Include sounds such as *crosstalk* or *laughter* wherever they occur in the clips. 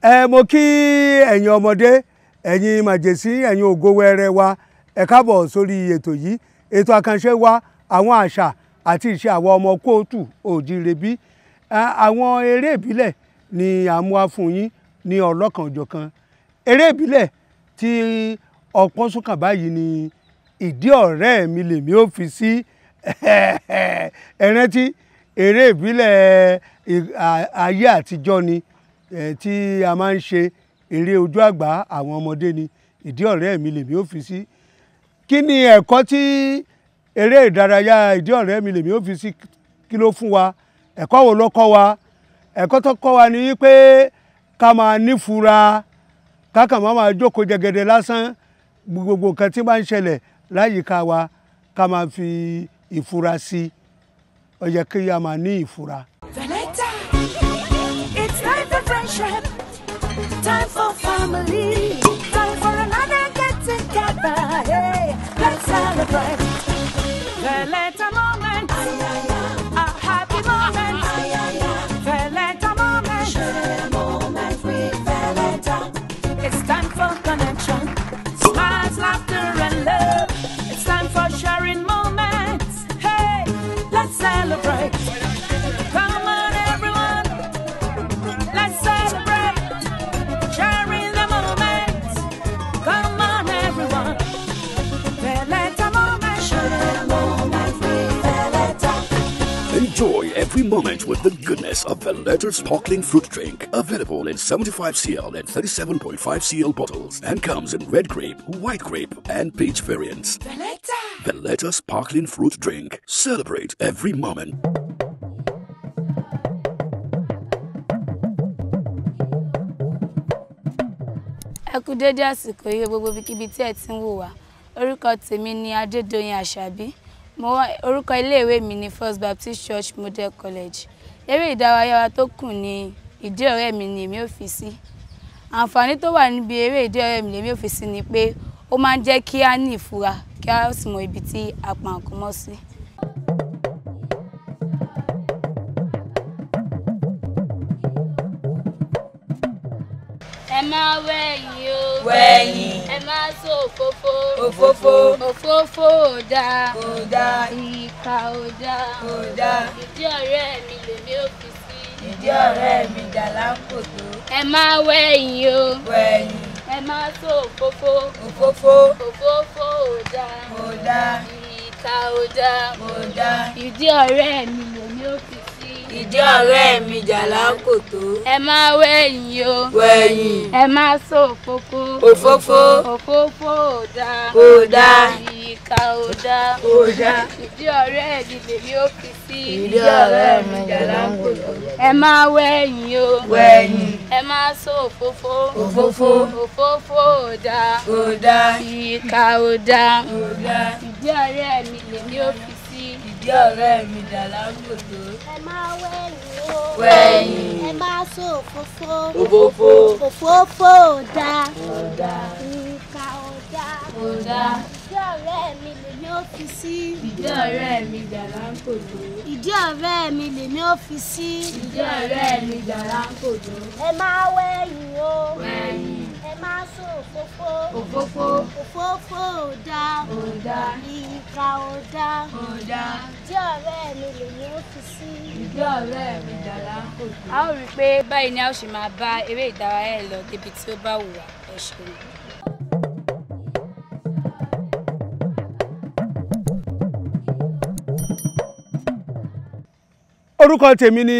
ẹ mo kí ẹ̀yin ọmọdé ẹ̀yin màjèsí ẹ̀yin ògo wa ẹ káàbọ̀ sórí ètò yìí ètò àkànṣe wa àwọn àṣà àti ìṣe àwọn ọmọ kóòtù òjìrèbí àwọn eré ìbílẹ̀ ni àmúwá fún yín ní ọlọ́kanòjọ̀kan eré ìbílẹ̀ tí ọpọ́n súnkàn báyìí ni ìdí ọ̀rẹ́ mi lèmi ò fi sí *laughs* ẹ rántí eré ìbílẹ̀ ayé àtijọ́ ni tí a máa ń ṣe eré ojú àgbá àwọn ọmọdé ni ìdí ọ̀rẹ́ mi lèmi ò fi sí kí ni ẹ̀kọ́ tí eré ìdárayá ìdí ọ̀rẹ́ mi lèmi ò fi sí kí ló fún wa ẹ̀kọ́ wo ló kọ́ wa ẹ̀kọ́ tó kọ́ wa ni wípé ká máa nífura ká máa máa jókòó jẹgẹdẹ lásán gbogbo nǹkan tí máa ń ṣẹlẹ̀ láyìíká wa ká máa fi ìfura sí ó yẹ kí a máa ní ìfura. time for family. every moment with the goodness of Valletta Sparkling Fruit Drink. Available in 75cl and 37.5cl bottles and comes in red grape, white grape, and peach variants. Valletta! Valletta Sparkling Fruit Drink. Celebrate every moment. ẹ àsìkò yìí gbogbo ibikíbi tí ẹ ti ń wò wá orúkọ tèmi ni adédọyìn àṣàbí mo orúkọ iléèwé mi ni First Baptist Church Model College eré ìdárayá wa tó kù ni ìdí ọ̀rẹ́ mi ni èmi ò fi sí àǹfààní tó wà níbi eré ìdí ọ̀rẹ́ mi lèmi ò fi sí ni pé ó máa ń jẹ́ kí a ní ìfura kí a sì mọ ibi tí a pa nǹkan mọ́ sí. má wẹ̀yìn o. wẹ̀yìn. ẹ má so òfófó. òfófó. òfófó ò dáa. ò dáa. ìkà ò dáa. ò dáa. ìdí ọ̀rẹ́ mi lèmi ò fi sí. ìdí ọ̀rẹ́ mi dà láǹkòtò. ẹ má wẹ̀yìn o. wẹ̀yìn. ẹ má so òfófó. òfófó. òfófó ò dáa. ò dáa. ìkà ò dáa. ò dáa. ìdí ọ̀rẹ́ mi ìdí ọ̀rẹ́ mi jàlá kò tó. ẹ má wẹ̀yìn o. wẹ̀yìn. ẹ má sọ òfófó. òfófó. òfófó ò dáa. kò dáa ìka ò dáa ìdí ọ̀rẹ́ ẹ̀ ni lèmi ó fi sí ìdí ọ̀rẹ́ mi jàlángò ẹ máa wẹ̀yìn o wẹ̀yìn ẹ máa sọ òfófó òfófó òfófó ò dáa ò dáa ìka ò dáa ìdí ọ̀rẹ́ ẹ̀ ni lèmi ó fi sí ìdí ọ̀rẹ́ mi jàlángò ẹ máa wẹ̀yìn o wẹ̀yìn ẹ máa sọ òfófó òfófó òfófó ò dáa ò fi sí. ìdí ọ̀rẹ́ mi jàlá ń kò dó. ìdí ọ̀rẹ́ mi lèmi ó fi sí. ìdí ọ̀rẹ́ mi jàlá ń kò dó. ẹ máa wẹ̀yìn o. wẹ̀yìn. ẹ máa sún òfófó. òfófó. òfófó ò dáa. ò dáa. ìka ò dáa. ò dáa. ìdí ọ̀rẹ́ mi lèmi ó fi sí. ìdí ọ̀rẹ́ mi jàlá ń kò dó. a ó rí i pé báyìí ni a ó ṣe máa bá eré ìdárayá ẹ lọ débi tí ó bá wù wá ẹ ṣeun. orúkọ tèmi ni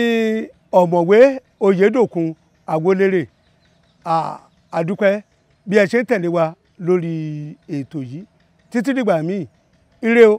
ọ̀mọ̀wé oyèdòkun àwọlérè àdúpẹ́ bí ẹ ṣe ń tẹ̀lé wa lórí ètò yìí títí dìgbà míì ire o.